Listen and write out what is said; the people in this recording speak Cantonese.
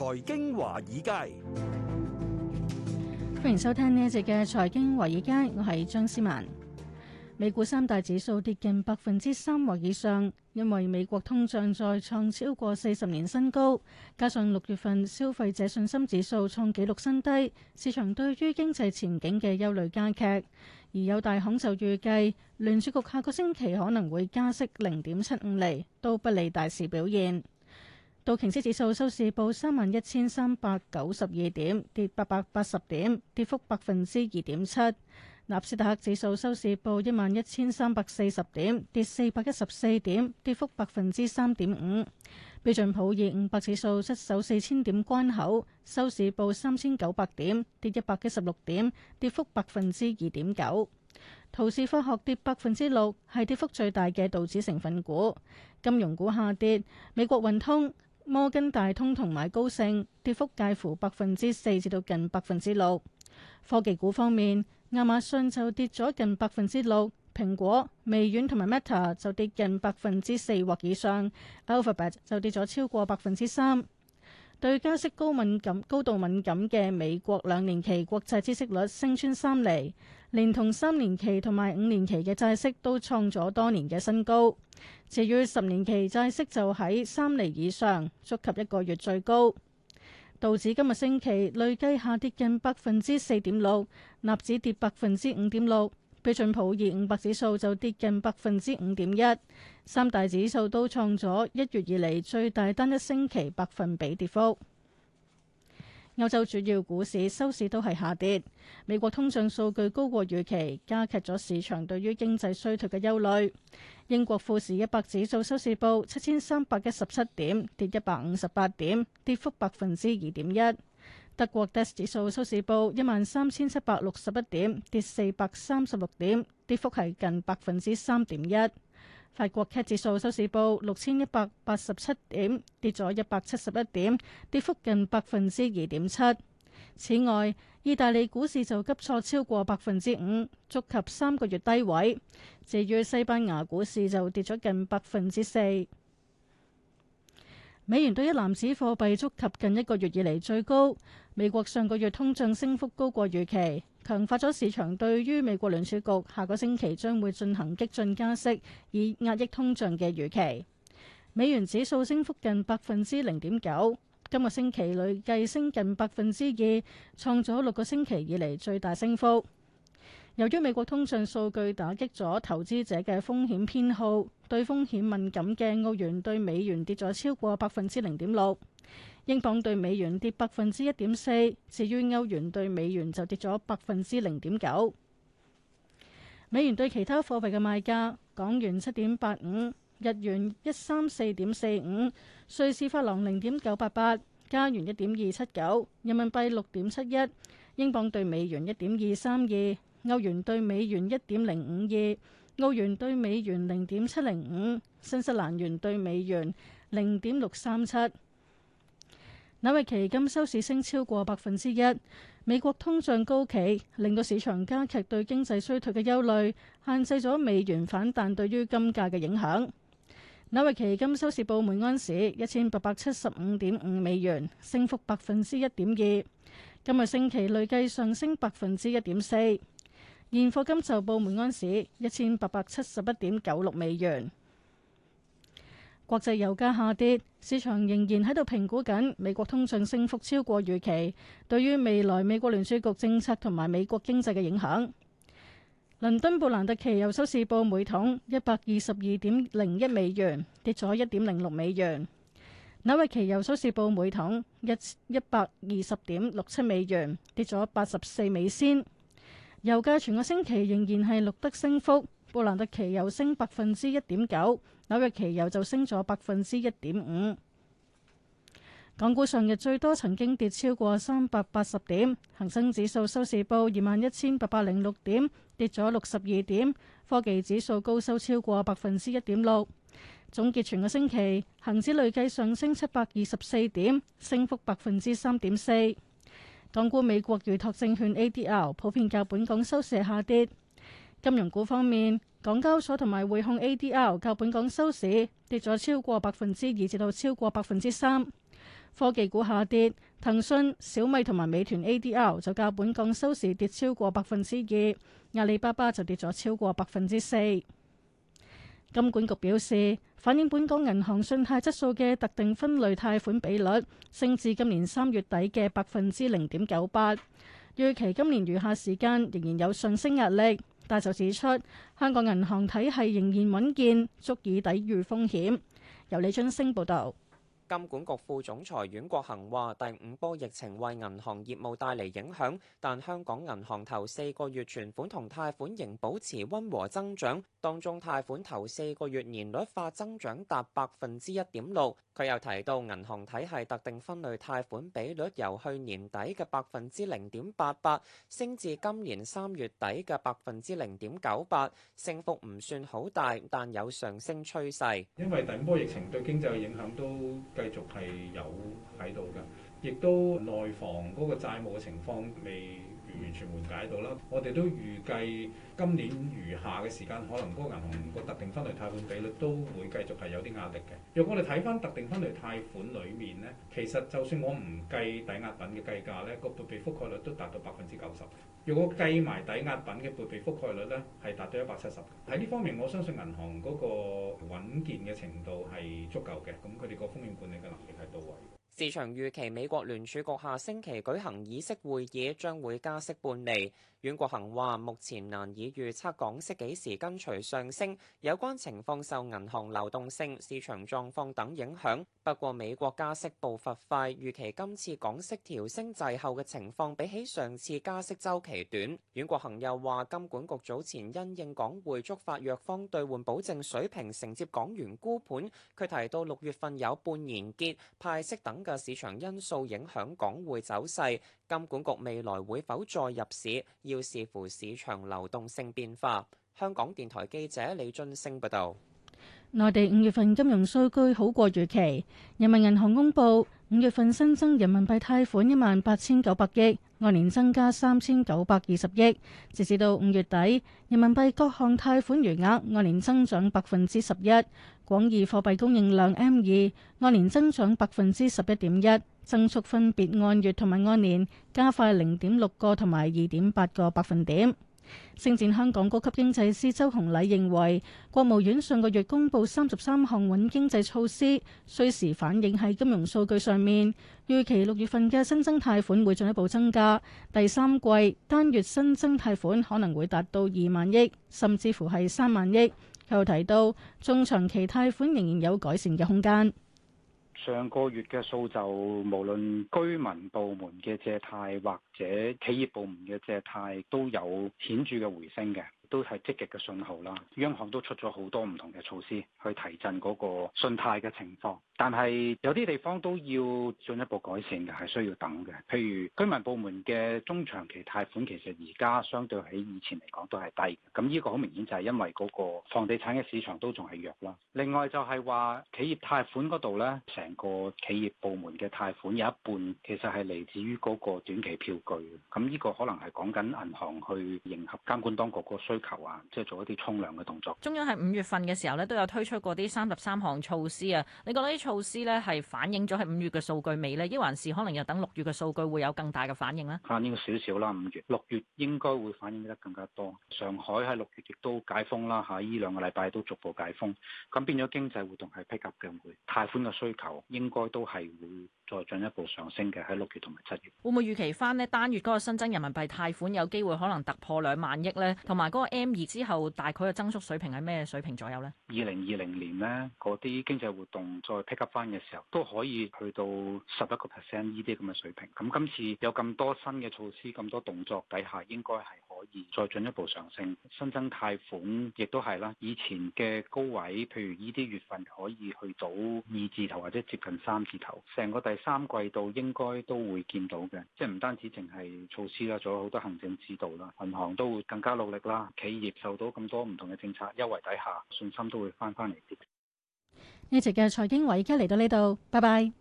財經華爾街，歡迎收聽呢一集嘅財經華爾街，我係張思文。美股三大指數跌近百分之三或以上，因為美國通脹再創超過四十年新高，加上六月份消費者信心指數創紀錄新低，市場對於經濟前景嘅憂慮加劇。而有大行就預計，聯儲局下個星期可能會加息零點七五厘，都不利大市表現。道瓊斯指數收市報三萬一千三百九十二點，跌八百八十點，跌幅百分之二點七。納斯達克指數收市報一萬一千三百四十點，跌四百一十四點，跌幅百分之三點五。標準普爾五百指數失守四千點關口，收市報三千九百點，跌一百一十六點，跌幅百分之二點九。陶氏化學跌百分之六，係跌幅最大嘅道指成分股。金融股下跌，美國運通。摩根大通同埋高盛跌幅介乎百分之四至到近百分之六。科技股方面，亞馬遜就跌咗近百分之六，蘋果、微軟同埋 Meta 就跌近百分之四或以上，Alphabet 就跌咗超過百分之三。對加息高敏感、高度敏感嘅美國兩年期國債孳息率升穿三厘，連同三年期同埋五年期嘅債息都創咗多年嘅新高。至於十年期債息就喺三厘以上，觸及一個月最高。道指今日星期累計下跌近百分之四點六，納指跌百分之五點六。標準普爾五百指數就跌近百分之五點一，三大指數都創咗一月以嚟，最大單一星期百分比跌幅。歐洲主要股市收市都係下跌，美國通脹數據高過預期，加劇咗市場對於經濟衰退嘅憂慮。英國富時一百指數收市報七千三百一十七點，跌一百五十八點，跌幅百分之二點一。德國 DAX 指數收市報一萬三千七百六十一點，跌四百三十六點，跌幅係近百分之三點一。法國 CAC 指數收市報六千一百八十七點，跌咗一百七十一點，跌幅近百分之二點七。此外，意大利股市就急挫超過百分之五，觸及三個月低位。至於西班牙股市就跌咗近百分之四。美元兌一籃子貨幣觸及近一個月以嚟最高。美國上個月通脹升幅高過預期，強化咗市場對於美國聯儲局下個星期將會進行激進加息以壓抑通脹嘅預期。美元指數升幅近百分之零點九，今個星期累計升近百分之二，創咗六個星期以嚟最大升幅。由於美國通訊數據打擊咗投資者嘅風險偏好，對風險敏感嘅澳元對美元跌咗超過百分之零點六，英鎊對美元跌百分之一點四，至於歐元對美元就跌咗百分之零點九。美元對其他貨幣嘅賣價：港元七點八五，日元一三四點四五，瑞士法郎零點九八八，加元一點二七九，人民幣六點七一，英鎊對美元一點二三二。歐元對美元一點零五二，澳元對美元零點七零五，新西蘭元對美元零點六三七。紐約期金收市升超過百分之一，美國通脹高企，令到市場加劇對經濟衰退嘅憂慮，限制咗美元反彈對於金價嘅影響。紐約期金收市報每安士一千八百七十五點五美元，升幅百分之一點二。今日星期累計上升百分之一點四。現貨金就報每安士一千八百七十一點九六美元。國際油價下跌，市場仍然喺度評估緊美國通脹升幅超過預期，對於未來美國聯儲局政策同埋美國經濟嘅影響。倫敦布蘭特期油收市報每桶一百二十二點零一美元，跌咗一點零六美元。紐約期油收市報每桶一一百二十點六七美元，跌咗八十四美仙。油價全個星期仍然係錄得升幅，布蘭特期油升百分之一點九，紐約期油就升咗百分之一點五。港股上日最多曾經跌超過三百八十點，恒生指數收市報二萬一千八百零六點，跌咗六十二點。科技指數高收超過百分之一點六。總結全個星期，恒指累計上升七百二十四點，升幅百分之三點四。港股美國預託證券 ADR 普遍較本港收市下跌。金融股方面，港交所同埋匯控 ADR 較本港收市跌咗超過百分之二，至到超過百分之三。科技股下跌，騰訊、小米同埋美團 ADR 就較本港收市跌超過百分之二，阿里巴巴就跌咗超過百分之四。金管局表示，反映本港銀行信貸質素嘅特定分類貸款比率升至今年三月底嘅百分之零點九八，預期今年餘下時間仍然有上升壓力，但就指出香港銀行體系仍然穩健，足以抵禦風險。由李俊升報導。金管局副總裁阮國恒話：第五波疫情為銀行業務帶嚟影響，但香港銀行頭四個月存款同貸款仍保持溫和增長，當中貸款頭四個月年率化增長達百分之一點六。佢又提到，銀行體系特定分類貸款比率由去年底嘅百分之零點八八升至今年三月底嘅百分之零點九八，升幅唔算好大，但有上升趨勢，因為第五波疫情對經濟嘅影響都繼續係有喺度㗎，亦都內房嗰個債務嘅情況未完全緩解到啦，我哋都預計今年餘下嘅時間，可能嗰個銀行個特定分類貸款比率都會繼續係有啲壓力嘅。若果我哋睇翻特定分類貸款裏面咧，其實就算我唔計抵押品嘅計價咧，個撥備覆蓋率都達到百分之九十。若果計埋抵押品嘅撥備覆蓋率咧，係達到一百七十。喺呢方面，我相信銀行嗰個穩健嘅程度係足夠嘅，咁佢哋個風險管理嘅能力係到位。市場預期美國聯儲局下星期舉行議息會議，將會加息半厘。阮國恒話：目前難以預測港息幾時跟隨上升，有關情況受銀行流動性、市場狀況等影響。不過美國加息步伐快，預期今次港息調升滯後嘅情況比起上次加息週期短。阮國恒又話：金管局早前因應港匯觸發弱方兌換保證水平承接港元沽盤，佢提到六月份有半年結派息等嘅市場因素影響港匯走勢，金管局未來會否再入市，要視乎市場流動性變化。香港電台記者李俊升報道。內地五月份金融數據好過預期，人民銀行公布五月份新增人民幣貸款一萬八千九百億，按年增加三千九百二十億，截至到五月底，人民幣各項貸款餘額按年增長百分之十一。廣義貨幣供應量 M2 按年增長百分之十一點一，增速分別按月同埋按年加快零點六個同埋二點八個百分點。星展香港高級經濟師周雄禮認為，國務院上個月公布三十三項穩經濟措施，需時反映喺金融數據上面。預期六月份嘅新增貸款會進一步增加，第三季單月新增貸款可能會達到二萬億，甚至乎係三萬億。又提到，中長期貸款仍然有改善嘅空間。上個月嘅數就無論居民部門嘅借貸或者企業部門嘅借貸都有顯著嘅回升嘅。都係積極嘅信號啦，央行都出咗好多唔同嘅措施去提振嗰個信貸嘅情況，但係有啲地方都要進一步改善嘅，係需要等嘅。譬如居民部門嘅中長期貸款，其實而家相對喺以前嚟講都係低，咁呢個好明顯就係因為嗰個房地產嘅市場都仲係弱啦。另外就係話企業貸款嗰度呢，成個企業部門嘅貸款有一半其實係嚟自於嗰個短期票據，咁呢個可能係講緊銀行去迎合監管當局個需求啊，即係做一啲沖涼嘅動作。中央喺五月份嘅時候咧，都有推出過啲三十三項措施啊。你覺得啲措施咧係反映咗喺五月嘅數據未呢？抑還是可能又等六月嘅數據會有更大嘅反應咧？嚇，呢個少少啦，五月六月應該會反映得更加多。上海喺六月亦都解封啦，嚇！依兩個禮拜都逐步解封，咁變咗經濟活動係 pick up 嘅，會貸款嘅需求應該都係會，再進一步上升嘅喺六月同埋七月，會唔會預期翻呢單月嗰個新增人民幣貸款有機會可能突破兩萬億呢？同埋嗰個 M 二之後大概嘅增速水平喺咩水平左右呢？二零二零年呢，嗰啲經濟活動再 pick up 翻嘅時候，都可以去到十一個 percent 呢啲咁嘅水平。咁今次有咁多新嘅措施、咁多動作底下，應該係可以再進一步上升，新增貸款亦都係啦。以前嘅高位，譬如呢啲月份可以去到二字頭或者接近三字頭，成個第。三季度應該都會見到嘅，即係唔單止淨係措施啦，仲有好多行政指導啦，銀行都會更加努力啦，企業受到咁多唔同嘅政策優惠底下，信心都會返返嚟啲。呢集嘅財經華爾街，而家嚟到呢度，拜拜。